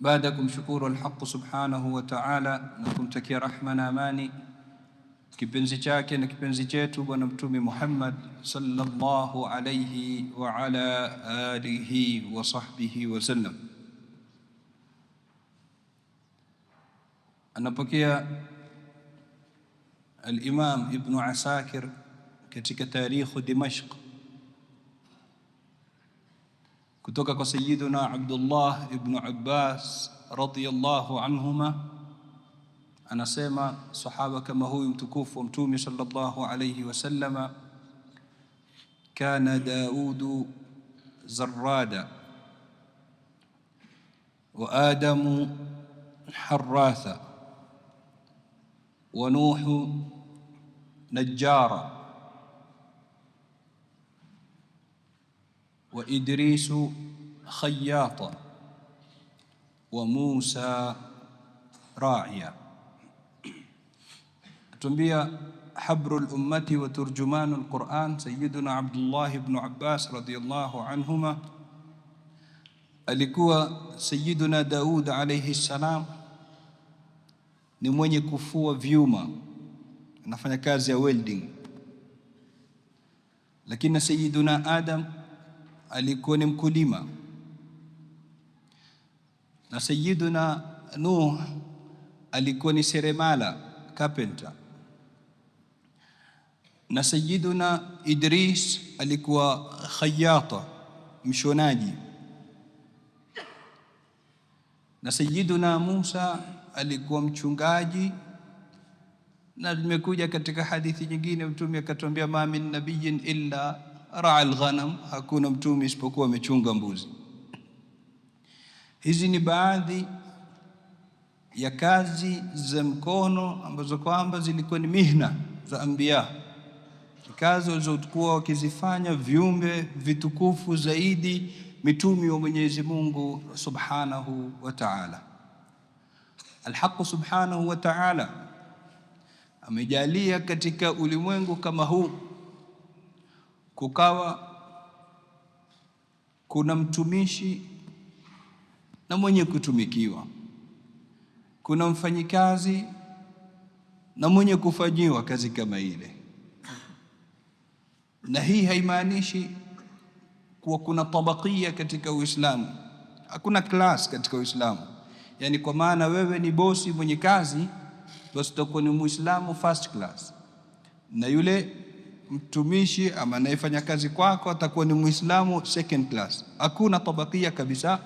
بعدكم shukuru alhaqu subhanahu wa ta'ala, na kumtakia rahma na amani kipenzi chake na kipenzi chetu Bwana Mtume Muhammad sallallahu alayhi wa ala alihi wa sahbihi wa sallam. Anapokea al-Imam Ibn Asakir katika tarikhu Dimashq kutoka kwa Sayyiduna Abdullah ibn Abbas radhiyallahu anhuma, anasema sahaba kama huyu mtukufu wa Mtume sallallahu alayhi wasallama, kana Daudu zarrada wa Adamu harratha wa Nuhu najjara وإدريس خياطا وموسى راعيا تنبيه حبر الأمة وترجمان القرآن سيدنا عبد الله بن عباس رضي الله عنهما alikuwa Sayyiduna Daud alayhi salam ni mwenye kufua vyuma, anafanya kazi ya welding, lakini Sayyiduna Adam alikuwa ni mkulima, na Sayyiduna Nuh alikuwa ni seremala carpenter, na Sayyiduna Idris alikuwa khayata mshonaji, na Sayyiduna Musa alikuwa mchungaji na tumekuja katika hadithi nyingine, Mtume akatuambia ma min nabiyin illa raa alghanam, hakuna mtume isipokuwa amechunga mbuzi. Hizi ni baadhi ya kazi za mkono ambazo kwamba zilikuwa ni mihna za ambia kazi walizokuwa wakizifanya viumbe vitukufu zaidi, mitumi wa Mwenyezi Mungu subhanahu wa taala. Alhaqu subhanahu wa taala amejalia katika ulimwengu kama huu kukawa kuna mtumishi na mwenye kutumikiwa, kuna mfanyikazi na mwenye kufanyiwa kazi kama ile. Na hii haimaanishi kuwa kuna tabakia katika Uislamu, hakuna class katika Uislamu, yaani kwa maana wewe ni bosi mwenye kazi, basi utakuwa ni Muislamu first class na yule mtumishi ama anayefanya kazi kwako atakuwa ni Muislamu second class. Hakuna tabakia kabisa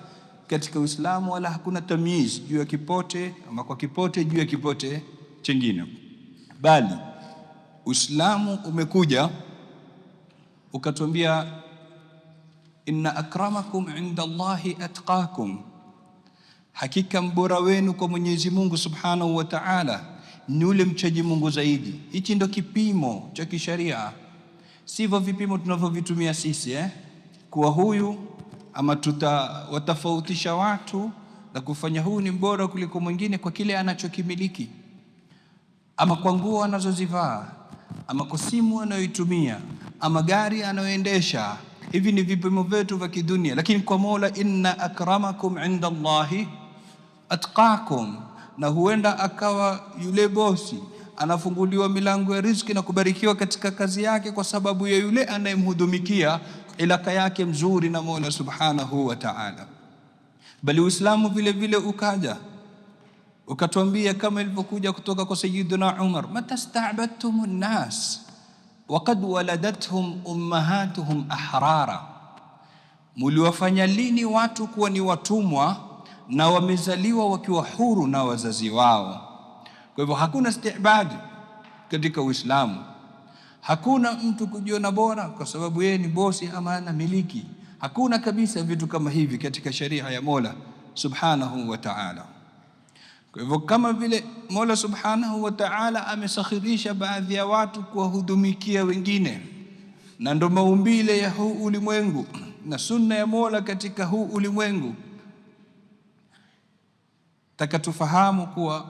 katika Uislamu, wala hakuna tamyiz juu ya kipote ama kwa kipote juu ya kipote chengine, bali Uislamu umekuja ukatuambia, inna akramakum inda Allahi atqakum, hakika mbora wenu kwa Mwenyezi Mungu subhanahu wa ta'ala ni ule mchaji Mungu zaidi. Hichi ndo kipimo cha kisheria, sivyo vipimo tunavyovitumia sisi eh? Kuwa huyu ama tutawatofautisha watu na kufanya huyu ni bora kuliko mwingine kwa kile anachokimiliki, ama kwa nguo anazozivaa, ama kwa simu anayoitumia, ama gari anayoendesha. Hivi ni vipimo vyetu vya kidunia, lakini kwa Mola, inna akramakum inda Allahi atqakum na huenda akawa yule bosi anafunguliwa milango ya riziki na kubarikiwa katika kazi yake kwa sababu ya yule anayemhudumikia, ilaka yake mzuri na Mola Subhanahu wa Ta'ala. Bali Uislamu vile vile ukaja ukatuambia kama ilivyokuja kutoka kwa Sayyiduna Umar, matasta'badtum nnas wakad waladathum ummahatuhum ahrara, muliwafanya lini watu kuwa ni watumwa na wamezaliwa wakiwa huru na wazazi wao. Kwa hivyo hakuna istibadi katika Uislamu, hakuna mtu kujiona bora kwa sababu yeye ni bosi ama ana miliki. Hakuna kabisa vitu kama hivi katika sheria ya Mola subhanahu wa taala. Kwa hivyo kama vile Mola subhanahu wa taala amesakhirisha baadhi ya watu kuwahudumikia wengine, na ndo maumbile ya huu ulimwengu na sunna ya Mola katika huu ulimwengu taka tufahamu kuwa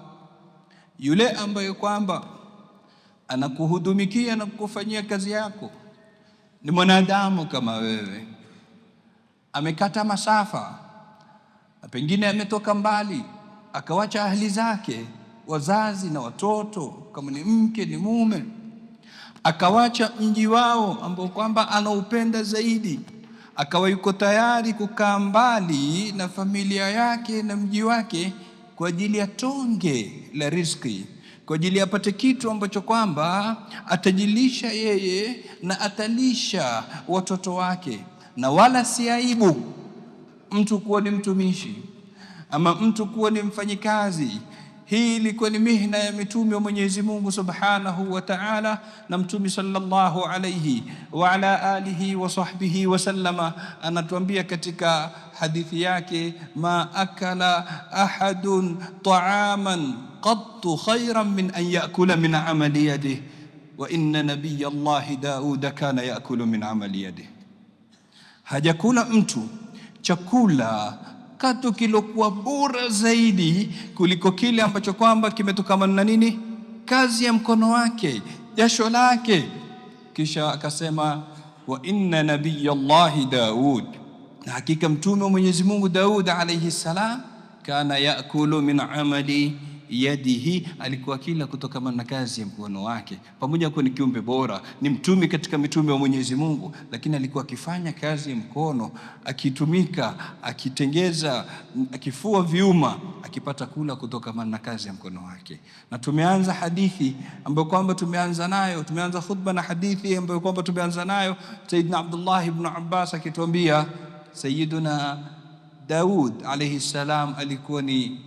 yule ambaye kwamba anakuhudumikia na kukufanyia kazi yako ni mwanadamu kama wewe, amekata masafa na pengine ametoka mbali, akawacha ahli zake, wazazi na watoto, kama ni mke ni mume, akawacha mji wao ambao kwamba anaupenda zaidi, akawa yuko tayari kukaa mbali na familia yake na mji wake kwa ajili ya tonge la riziki, kwa ajili ya apate kitu ambacho kwamba atajilisha yeye na atalisha watoto wake, na wala si aibu mtu kuwa ni mtumishi ama mtu kuwa ni mfanyikazi hii ilikuwa ni mihna ya mitume wa Mwenyezi Mungu Subhanahu wa Ta'ala, na mtume sallallahu alayhi wa ala alihi wa sahbihi wa sallama anatuambia katika hadithi yake, ma akala ahadun ta'aman qattu khayran min an ya'kula min amali yadihi wa inna nabiyya Allahi Dauda kana ya'kulu min amali yadihi, hajakula mtu chakula kitu kilokuwa bora zaidi kuliko kile ambacho kwamba kimetokana na nini, kazi ya mkono wake, jasho lake. Kisha akasema wa inna nabiyallahi Daud, na hakika mtume wa Mwenyezi Mungu Daud alayhi salam kana yakulu min amali yadihi, alikuwa kila kutokamana na kazi ya mkono wake. Pamoja kuwa ni kiumbe bora, ni mtume katika mitume wa Mwenyezi Mungu, lakini alikuwa akifanya kazi ya mkono, akitumika, akitengeza, akifua viuma, akipata kula kutokamana na kazi ya mkono wake. Na tumeanza hadithi ambayo kwamba tumeanza nayo, tumeanza khutba na hadithi ambayo kwamba tumeanza nayo, Saidina Abdullah ibn Abbas akituambia Sayyiduna Daud alayhi salam alikuwa ni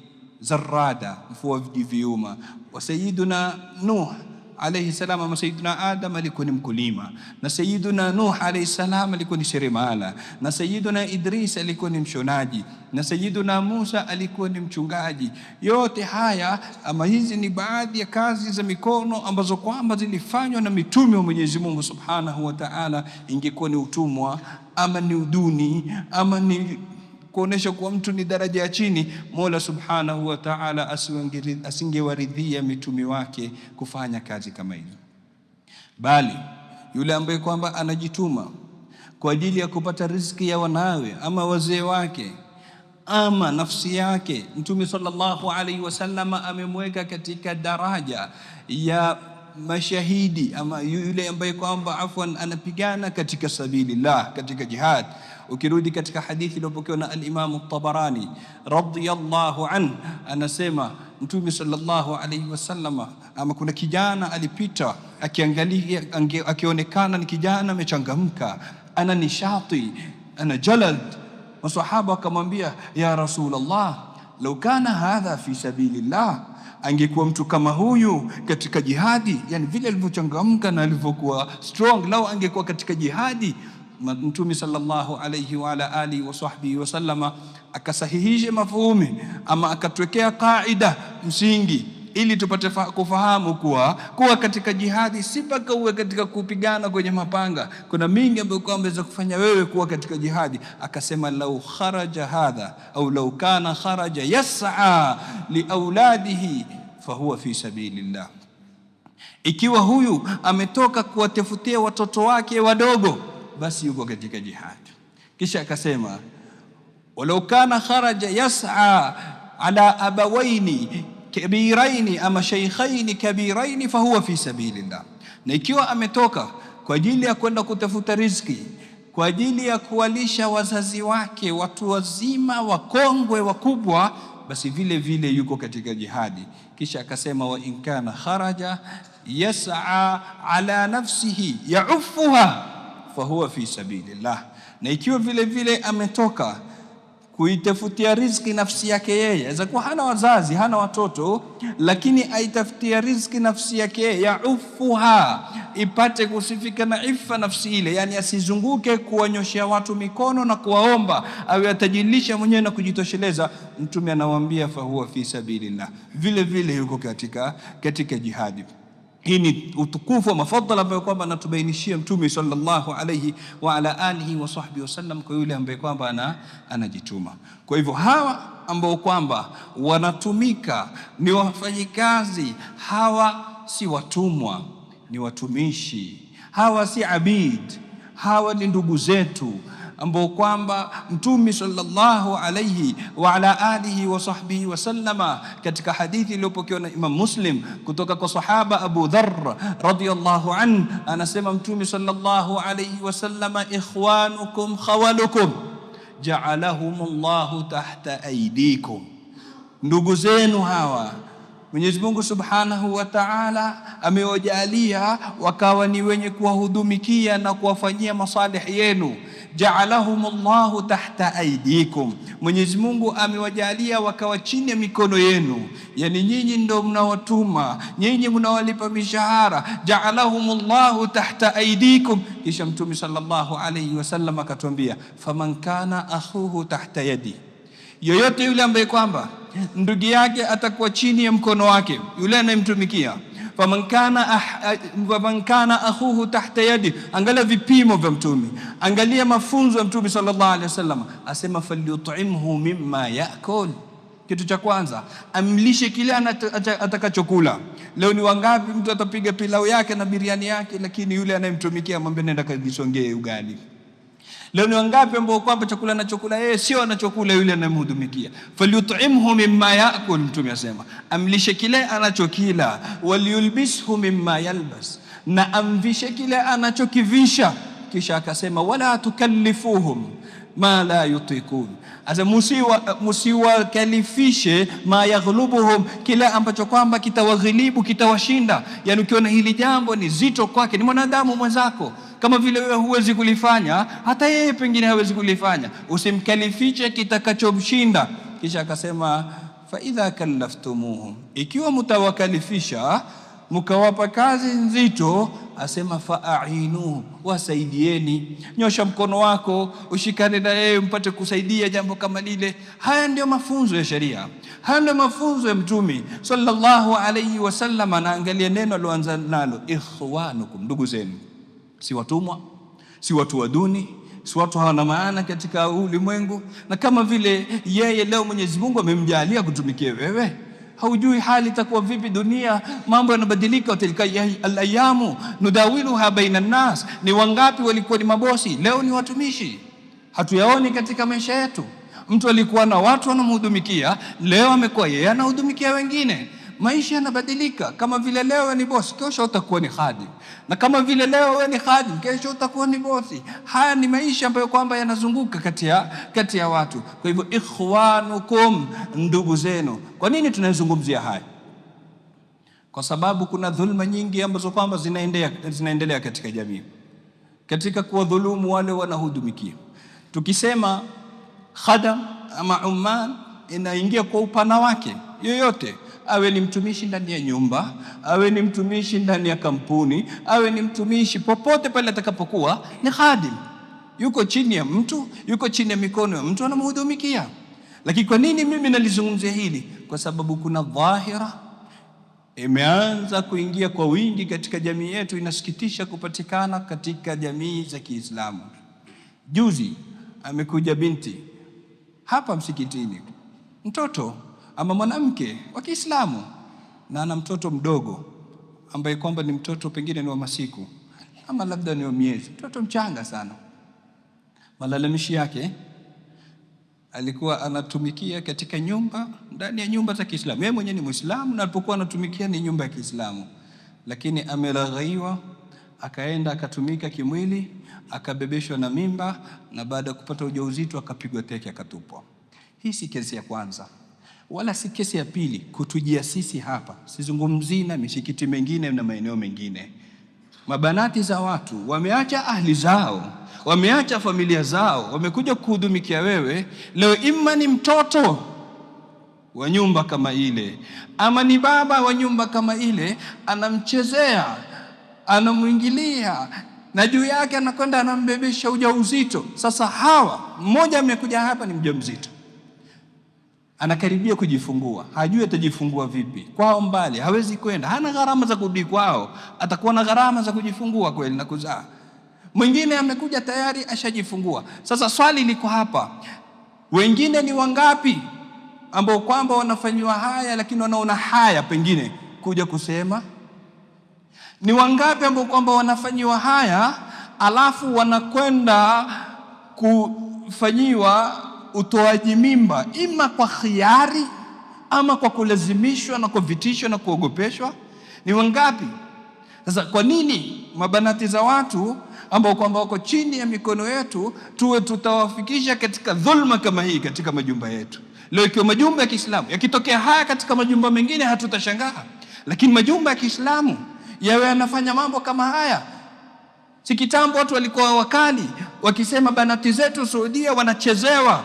Zarada, mfuaji viuma wa Sayyiduna Nuh alayhi salam, ama Sayyiduna Adam alikuwa ni mkulima, na Sayyiduna Nuh alayhi salam alikuwa ni seremala, na Sayyiduna Idris alikuwa ni mshonaji, na Sayyiduna Musa alikuwa ni mchungaji. Yote haya ama hizi ni baadhi ya kazi za mikono ambazo kwamba zilifanywa na mitume wa Mwenyezi Mungu Subhanahu wa Ta'ala. Ingekuwa ni utumwa ama ni uduni ama ni kuonesha kuwa mtu ni daraja ya chini. Mola subhanahu wa taala asingewaridhia mitume wake kufanya kazi kama hiyo, bali yule ambaye kwamba anajituma kwa ajili ya kupata riziki ya wanawe ama wazee wake ama nafsi yake. Mtume sallallahu alaihi wasallam amemweka katika daraja ya mashahidi ama yule ambaye kwamba afwan anapigana katika sabilillah katika jihad. Ukirudi katika hadithi iliyopokewa na al-Imam tabarani radhiyallahu an, anasema Mtume sallallahu alayhi wasallam, ama kuna kijana alipita akiangalia, akionekana ni kijana amechangamka, ana nishati, ana jalad. Masahaba akamwambia ya Rasulullah, lau kana hadha fi sabilillah Angekuwa mtu kama huyu katika jihadi, yani vile alivyochangamka na alivyokuwa strong, lau angekuwa katika jihadi, Mtume sallallahu alayhi wa ala alihi wa sahbihi wasallama akasahihishe mafuhumi ama akatwekea kaida msingi ili tupate kufahamu kuwa kuwa katika jihadi si mpaka uwe katika kupigana kwenye mapanga. Kuna mingi ambayo kwa ameweza kufanya wewe kuwa katika jihadi. Akasema lau kharaja hadha au lau kana kharaja yas'a liauladihi fahuwa fi sabilillah, ikiwa huyu ametoka kuwatafutia watoto wake wadogo, basi yuko katika jihadi. Kisha akasema walau kana kharaja yas'a ala abawaini kabiraini ama shaykhaini kabiraini fahuwa fi sabilillah. Na ikiwa ametoka kwa ajili ya kwenda kutafuta riziki kwa ajili ya kuwalisha wazazi wake, watu wazima wakongwe wakubwa, basi vile vile yuko katika jihadi. Kisha akasema wa in kana kharaja yas'a ala nafsihi yaufuha fahuwa fi sabilillah. Na ikiwa vile vile ametoka kuitafutia riziki nafsi yake yeye. Aweza kuwa hana wazazi, hana watoto, lakini aitafutia riziki nafsi yake yeye, yaufuha, ipate kusifika na ifa nafsi ile, yani asizunguke kuwanyoshea watu mikono na kuwaomba, awe atajilisha mwenyewe na kujitosheleza. Mtume anawaambia fahuwa fi sabilillah, vile vile yuko katika, katika jihadi. Hii ni utukufu wa mafadhala ambayo kwamba anatubainishia Mtume sallallahu alayhi wa ala alihi wa sahbihi wasallam kwa yule ambaye kwamba ana, anajituma. Kwa hivyo hawa ambao kwamba wanatumika ni wafanyikazi, hawa si watumwa, ni watumishi. Hawa si abid, hawa ni ndugu zetu ambao kwamba Mtume sallallahu alayhi wa ala alihi wa sahbihi sallama katika hadithi iliyopokewa na Imam Muslim kutoka kwa sahaba Abu Dharr radhiyallahu an, anasema Mtume sallallahu alayhi sallama ikhwanukum khawalukum ja'alahumullahu tahta aydikum, ndugu zenu hawa Mwenyezi Mungu Subhanahu wa Ta'ala amewajalia wakawa ni wenye kuwahudumikia na kuwafanyia masalihi yenu ja'alahumullahu tahta aidikum, Mwenyezi Mungu amewajalia wakawa chini ya mikono yenu, yani nyinyi ndo mnawatuma, nyinyi mnawalipa mishahara. Ja'alahumullahu tahta aidikum. Kisha Mtume sallallahu alayhi wasallam akatuambia, faman kana akhuhu tahta yadi, yoyote yule ambaye kwamba ndugu yake atakuwa chini ya mkono wake, yule anayemtumikia famankana ah, eh, akhuhu tahta yadi. Angalia vipimo vya Mtume, angalia mafunzo ya Mtume sallallahu alaihi wasallam, asema falyutimhu mimma yakul kitu cha kwanza amlishe kile atakachokula. Leo ni wangapi mtu atapiga pilau yake na biriani yake, lakini yule anayemtumikia mwambie nenda kajisongee ugali. Leo ni wangapi ambao kwamba chakula anachokula yeye sio anachokula yule anayemhudumikia? falyutimhu mimma yakul, Mtume asema amlishe kile anachokila, walyulbishu mimma yalbas, na amvishe kile anachokivisha. Kisha akasema wala tukallifuhum ma la yutikun, asa musiwakalifishe ma yaghlubuhum, kile ambacho kwamba kitawaghilibu kitawashinda. Yani ukiona hili jambo ni zito kwake, ni mwanadamu mwenzako kama vile wewe huwezi kulifanya, hata yeye pengine hawezi kulifanya. Usimkalifiche kitakachomshinda. Kisha akasema fa idha kallaftumuhu, ikiwa mutawakalifisha mkawapa kazi nzito, asema faainu wasaidieni. Nyosha mkono wako ushikane na yeye mpate kusaidia jambo kama lile. Haya ndio mafunzo ya sheria, haya ndio mafunzo ya Mtume sallallahu alayhi wasallam. Anaangalia neno aloanza nalo ikhwanukum, ndugu zenu si watumwa, si watu wa duni, si watu hawana maana katika ulimwengu. Na kama vile yeye leo Mwenyezi Mungu amemjalia kutumikia wewe, haujui hali itakuwa vipi. Dunia mambo yanabadilika, Tilka alayamu nudawiluha baina nnas. Ni wangapi walikuwa ni mabosi, leo ni watumishi, hatuyaoni katika maisha yetu. Mtu alikuwa na watu wanamhudumikia, leo amekuwa yeye anahudumikia wengine maisha yanabadilika. Kama vile leo we ni bosi, kesho utakuwa ni hadi na kama vile leo we ni hadi kesho utakuwa ni bosi. Haya ni maisha ambayo kwamba yanazunguka kati ya kati ya watu. Kwa hivyo, ikhwanukum, ndugu zenu. Kwa nini tunazungumzia haya? Kwa sababu kuna dhulma nyingi ambazo kwamba zinaendelea, zinaendelea katika jamii, katika kuwadhulumu wale wanahudumikia. Tukisema khadam ama umman inaingia kwa upana wake yoyote awe ni mtumishi ndani ya nyumba, awe ni mtumishi ndani ya kampuni, awe ni mtumishi popote pale atakapokuwa, ni khadim, yuko chini ya mtu, yuko chini ya mikono ya mtu anamhudumikia. Lakini kwa nini mimi nalizungumzia hili? Kwa sababu kuna dhahira imeanza kuingia kwa wingi katika jamii yetu, inasikitisha kupatikana katika jamii za Kiislamu. Juzi amekuja binti hapa msikitini, mtoto ama mwanamke wa Kiislamu na ana mtoto mdogo ambaye kwamba ni mtoto pengine ni wa masiku ama labda ni wa miezi, mtoto mchanga sana. Malalamishi yake alikuwa anatumikia katika nyumba, ndani ya nyumba za Kiislamu. Yeye mwenyewe ni Muislamu na alipokuwa anatumikia ni nyumba ya Kiislamu, lakini amelaghaiwa, akaenda akatumika kimwili, akabebeshwa na mimba, na baada ya kupata ujauzito akapigwa teke, akatupwa. Hii si kesi ya kwanza wala si kesi ya pili kutujia sisi hapa. Sizungumzii na misikiti mengine na maeneo mengine. Mabanati za watu wameacha ahli zao, wameacha familia zao, wamekuja kuhudumikia wewe leo. Ima ni mtoto wa nyumba kama ile, ama ni baba wa nyumba kama ile, anamchezea, anamwingilia na juu yake anakwenda anambebesha ujauzito. Sasa hawa mmoja amekuja hapa ni mjamzito anakaribia kujifungua, hajui atajifungua vipi, kwao mbali, hawezi kwenda, hana gharama za kurudi kwao, atakuwa na gharama za kujifungua kweli na kuzaa. Mwingine amekuja tayari ashajifungua. Sasa swali liko hapa, wengine ni wangapi ambao kwamba wanafanyiwa haya, lakini wanaona haya pengine kuja kusema? Ni wangapi ambao kwamba wanafanyiwa haya alafu wanakwenda kufanyiwa utoaji mimba, ima kwa khiari ama kwa kulazimishwa na kuvitishwa na kuogopeshwa, ni wangapi? Sasa kwa nini mabanati za watu ambao kwamba wako chini ya mikono yetu tuwe tutawafikisha katika dhulma kama hii katika majumba yetu leo? Ikiwa majumba ya Kiislamu yakitokea haya katika majumba mengine hatutashangaa, lakini majumba ya Kiislamu yawe yanafanya mambo kama haya. Si kitambo watu walikuwa wakali wakisema banati zetu Saudia wanachezewa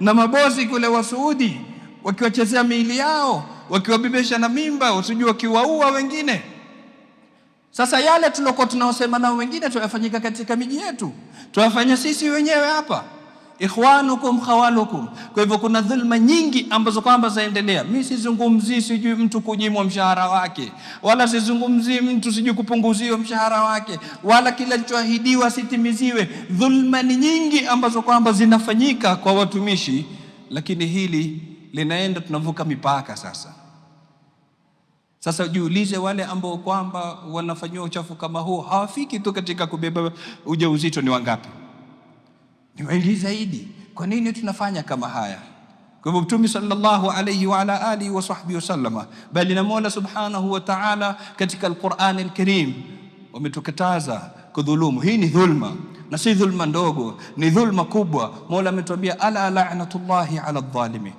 na mabosi kule wa Saudi wakiwachezea miili yao, wakiwabebesha na mimba, wasijui wakiwaua wengine. Sasa yale tuliokuwa tunaosema nao wengine tuyafanyika katika miji yetu, tuyafanya sisi wenyewe hapa ikhwanukum khawalukum. Kwa hivyo kuna dhulma nyingi ambazo kwamba zaendelea. Mi sizungumzii sijui mtu kunyimwa mshahara wake, wala sizungumzii mtu sijui kupunguziwa mshahara wake, wala kila lichoahidiwa sitimiziwe. Dhulma ni nyingi ambazo kwamba zinafanyika kwa watumishi, lakini hili linaenda, tunavuka mipaka sasa. Sasa jiulize, wale ambao kwamba wanafanyiwa uchafu kama huo hawafiki tu katika kubeba ujauzito ni wangapi? wengi zaidi, kwa nini tunafanya kama haya? Kwa hivyo Mtume sallallahu alayhi wa ala alihi wa sahbihi wasallama, bali na Mola subhanahu wa ta'ala katika Al-Qur'an Al-Karim wametukataza kudhulumu. Hii ni dhulma na si dhulma ndogo, ni dhulma kubwa. Mola ametuambia ala la'natullahi ala adh-dhalimin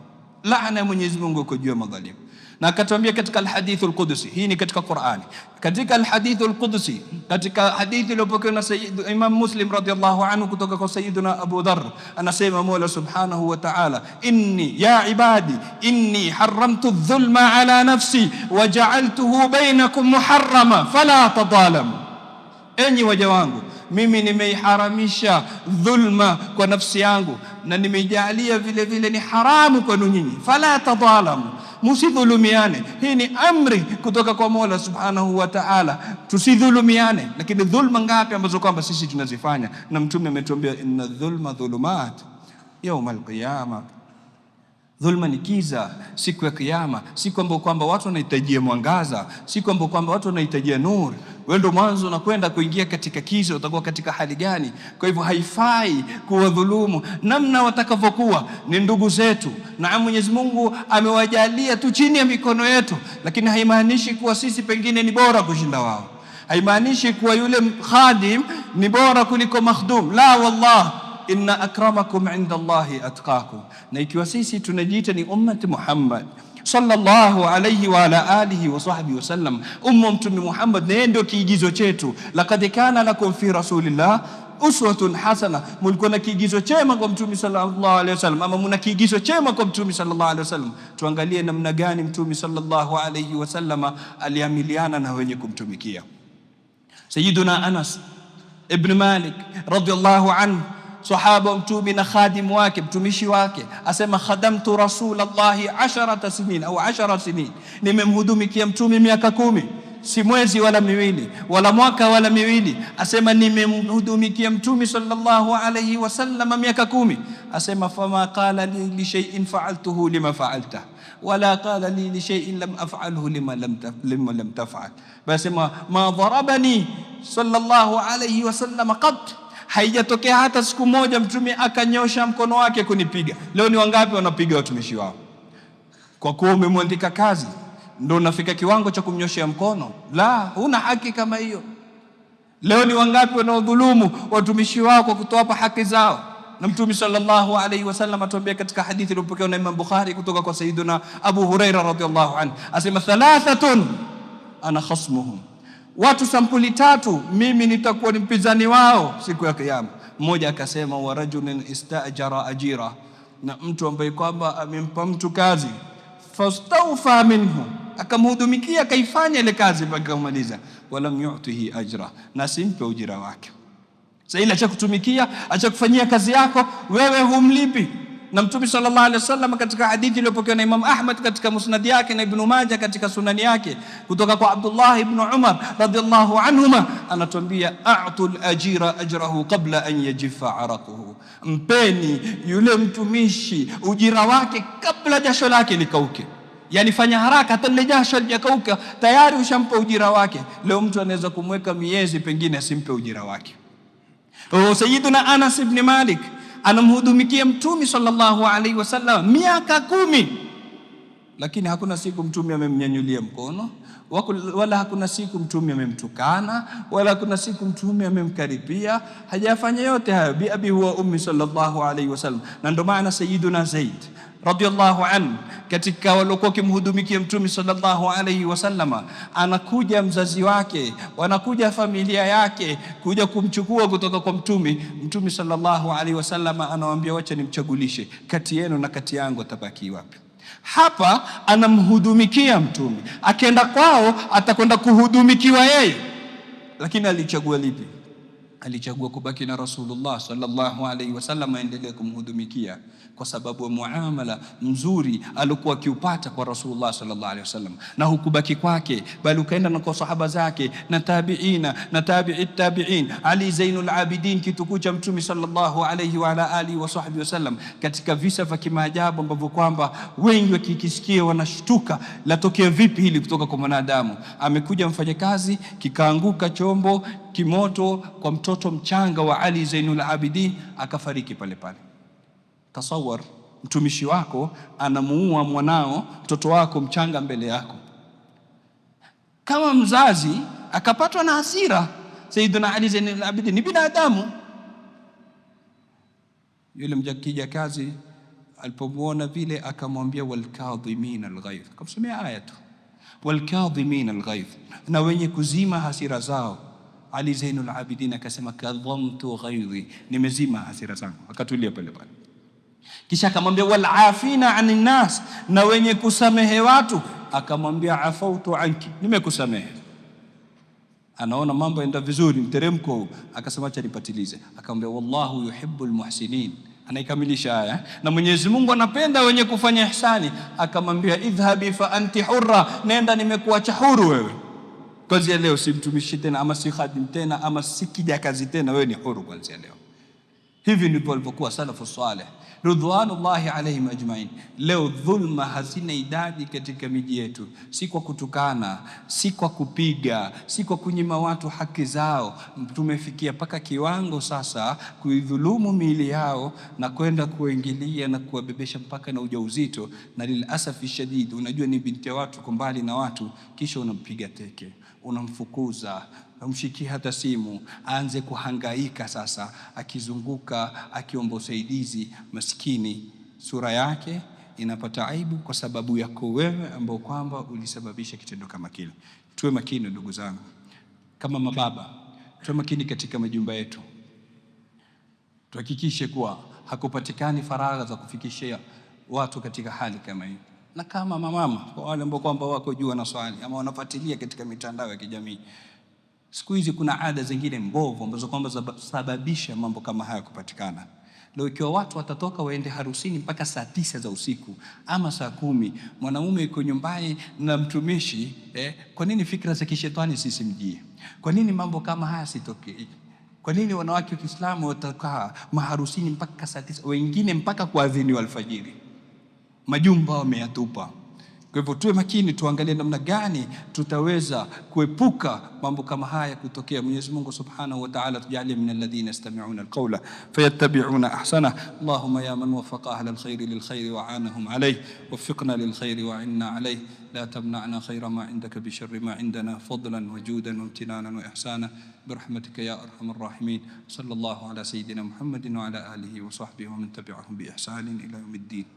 laana ya Mwenyezi Mungu iko juu ya madhalimu. Na akatuambia katika alhadithu alqudsi, hii ni katika Qur'ani, katika alhadithu alqudsi, katika hadithi iliyopokewa na Imam Muslim radhiyallahu anhu kutoka kwa Sayyidina Abu Dharr, anasema Mola subhanahu wa ta'ala, inni ya ibadi inni haramtu adh-dhulma ala nafsi wa ja'altuhu bainakum muharrama fala tadalamu, enyi waja wangu mimi nimeiharamisha dhulma kwa nafsi yangu na nimejalia vile vile ni haramu kwenu nyinyi, fala tadhalamu, musidhulumiane. Hii ni amri kutoka kwa Mola subhanahu wa Ta'ala, tusidhulumiane. Lakini dhulma ngapi ambazo kwamba sisi tunazifanya, na Mtume ametuambia inna dhulma dhulumat yawm alqiyama Dhulma ni kiza siku ya Kiyama, si kwamba kwamba watu wanahitajia mwangaza, si kwamba kwamba watu wanahitajia nuru wewe ndo mwanzo unakwenda kuingia katika kiza, utakuwa katika hali gani? Kwa hivyo haifai kuwadhulumu namna watakavyokuwa ni ndugu zetu, na Mwenyezi Mungu amewajalia tu chini ya mikono yetu, lakini haimaanishi kuwa sisi pengine ni bora kushinda wao, haimaanishi kuwa yule khadim ni bora kuliko makhdum. La, wallah inna akramakum inda Allahi atqakum. Na ikiwa sisi tunajiita ni ummati Muhammad sallallahu alayhi wa ala alihi wa sahbihi wasallam, umma Mtume Muhammad na ndio kiigizo chetu. Laqad kana lakum fi rasulillah uswatun hasana, mulikuwa na kiigizo chema kwa Mtume sallallahu wa wasallam, ama muna kiigizo chema kwa Mtume sallallahu alaihi wasallam. Tuangalie namna gani Mtume sallallahu alaihi wasallam aliamiliana na wenye kumtumikia. Sayyiduna Anas ibn Malik radiyallahu anhu sahaba wa Mtume na khadimu wake mtumishi wake asema, khadamtu rasulallahi asharata sinin au ashara sinin, nimemhudumikia Mtume miaka kumi si mwezi wala miwili wala mwaka wala miwili, asema nimemhudumikia mtume sallallahu alayhi wasallam miaka kumi. Asema fama qala li li shay'in fa'altuhu lima fa'alta wala qala li li shay'in lam af'alhu lima lam lima lam taf'al. Basema ma darabani sallallahu alayhi wasallam qat haijatokea hata siku moja mtume akanyosha mkono wake kunipiga. Leo ni wangapi wanapiga watumishi wao? Kwa kuwa umemwandika kazi ndo unafika kiwango cha kumnyoshea mkono? La, huna haki kama hiyo. Leo ni wangapi wanaodhulumu watumishi wao kwa kutowapa haki zao? Na Mtume sallallahu alaihi wasallam atuambia katika hadithi iliyopokewa na Imam Bukhari kutoka kwa Sayyiduna Abu Huraira radhiallahu anhu, asema thalathatun ana khasmuhum watu sampuli tatu, mimi nitakuwa ni mpinzani wao siku ya Kiyama. Mmoja akasema wa rajulin istajara ajira, na mtu ambaye kwamba amempa mtu kazi fastaufa minhu, akamhudumikia akaifanya ile kazi mpaka kumaliza, walam yutihi ajra, na simpe ujira wake. Sasa ile acha kutumikia acha kufanyia kazi yako wewe humlipi na Mtume sallallahu alaihi wasallam katika hadithi iliyopokewa na Imam Ahmad katika musnad yake na Ibn Majah katika sunani yake kutoka kwa Abdullah ibn Umar radhiyallahu anhuma, anatuambia a'tu al-ajira ajrahu qabla an yajifa araquhu, mpeni yule mtumishi ujira wake kabla jasho lake likauke. Yani fanya haraka, hata lile jasho lijakauka tayari ushampa ujira wake. Leo mtu anaweza kumweka miezi, pengine asimpe ujira wake. Oh, Sayyiduna Anas ibn Malik anamhudumikia Mtume sallallahu alaihi wasallam miaka kumi, lakini hakuna siku Mtume amemnyanyulia mkono wala hakuna siku Mtume amemtukana wala hakuna siku Mtume amemkaribia, Hajafanya yote hayo bi abi huwa ummi sallallahu alaihi wasallam, na ndio maana Sayyiduna Zaid radhiallahu an katika waliokuwa wakimhudumikia Mtume sallallahu alaihi wasallama, anakuja mzazi wake, wanakuja familia yake kuja kumchukua kutoka kwa Mtume. Mtume sallallahu alaihi wasallama anawaambia, wacha nimchagulishe kati yenu na kati yangu, atabaki wapi? Hapa anamhudumikia Mtume, akienda kwao atakwenda kuhudumikiwa yeye, lakini alichagua lipi? Alichagua kubaki na Rasulullah sallallahu alaihi wasallam, aendelee kumhudumikia kwa sababu ya muamala mzuri aliokuwa akiupata kwa Rasulullah sallallahu alaihi wasallam, na hukubaki kwake, bali ukaenda na kwa sahaba zake na tabiina na tabii tabiin. Ali Zainul Abidin, kitukuu cha Mtume sallallahu alaihi wa ala alihi wa sahbihi wasallam, katika visa vya kimaajabu ambavyo kwamba wengi wakikisikia wanashtuka, latokea vipi hili kutoka kwa mwanadamu? Amekuja mfanyakazi, kikaanguka chombo kimoto kwa mtoto mchanga wa Ali Zainul Abidin, akafariki pale pale. Tasawar mtumishi wako anamuua mwanao, mtoto wako mchanga mbele yako. Kama mzazi akapatwa na hasira, Sayyiduna Ali Zainul Abidin ni binadamu yule mjakija kazi alipomuona vile akamwambia, walkadhimin alghaidh, akamsomea aya tu, walkadhimin alghaidh, na wenye kuzima hasira zao. Ali Zainul Abidin akasema kadhamtu ghaidhi, nimezima hasira zangu, akatulia pale pale. Kisha akamwambia wal afina anin nas, na wenye kusamehe watu. Akamwambia afautu anki, nimekusamehe. Anaona mambo yanaenda vizuri, mteremko akasema acha nipatilize. Akamwambia wallahu yuhibbu almuhsinin, anaikamilisha aya, na Mwenyezi Mungu anapenda wenye kufanya ihsani. Akamwambia idhhabi fa anti hurra, nenda, nimekuacha huru wewe kwanzia leo, simtumishi tena ama si khadim tena ama si kazi tena, wewe ni huru kwanzia leo. Hivi ndivyo walivyokuwa salafu saleh ridwanullahi alaihim ajmain. Leo dhulma hazina idadi katika miji yetu, si kwa kutukana, si kwa kupiga, si kwa kunyima watu haki zao. Tumefikia mpaka kiwango sasa kuidhulumu miili yao na kwenda kuingilia na kuwabebesha mpaka na ujauzito, na lilasafi shadid, unajua ni binti ya watu, kwa mbali na watu, kisha unampiga teke, unamfukuza mshiki hata simu, aanze kuhangaika sasa, akizunguka akiomba usaidizi. Maskini sura yake inapata aibu kwa sababu yako wewe, ambao kwamba ulisababisha kitendo kama kile. Tuwe makini ndugu zangu, kama mababa, tuwe makini katika majumba yetu, tuhakikishe kuwa hakupatikani faragha za kufikishia watu katika hali kama hii, na kama mamama, kwa wale ambao kwamba wako juu swali ama wanafuatilia katika mitandao ya kijamii Siku hizi kuna ada zingine mbovu ambazo kwamba sababisha mambo kama haya kupatikana. Leo ikiwa watu watatoka waende harusini mpaka saa tisa za usiku ama saa kumi, mwanaume yuko nyumbani na mtumishi eh. Kwa nini fikra za kishetani sisimjie? Kwa nini mambo kama haya sitokee? Kwa nini wanawake wa Kiislamu watakaa maharusini mpaka saa tisa, wengine mpaka kuadhini alfajiri? Majumba wameyatupa. Kwa hivyo tuwe makini, tuangalie namna gani tutaweza kuepuka mambo kama haya kutokea. Mwenyezi Mungu Subhanahu wa Ta'ala, tujalie min alladhina yastami'una alqawla fayattabi'una ahsana. Allahumma ya man wafaqa ahla alkhairi lilkhairi wa anahum alayhi waffiqna lilkhairi wa inna alayhi la tamna'na khaira ma indaka bi sharri ma indana fadlan wa judan wa imtinanan wa ihsana برحمتك يا أرحم الراحمين صلى الله على سيدنا محمد وعلى آله وصحبه ومن تبعهم بإحسان إلى يوم الدين